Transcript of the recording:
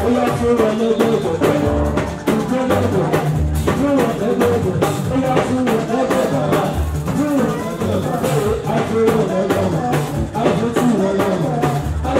ó yá tó wọlé.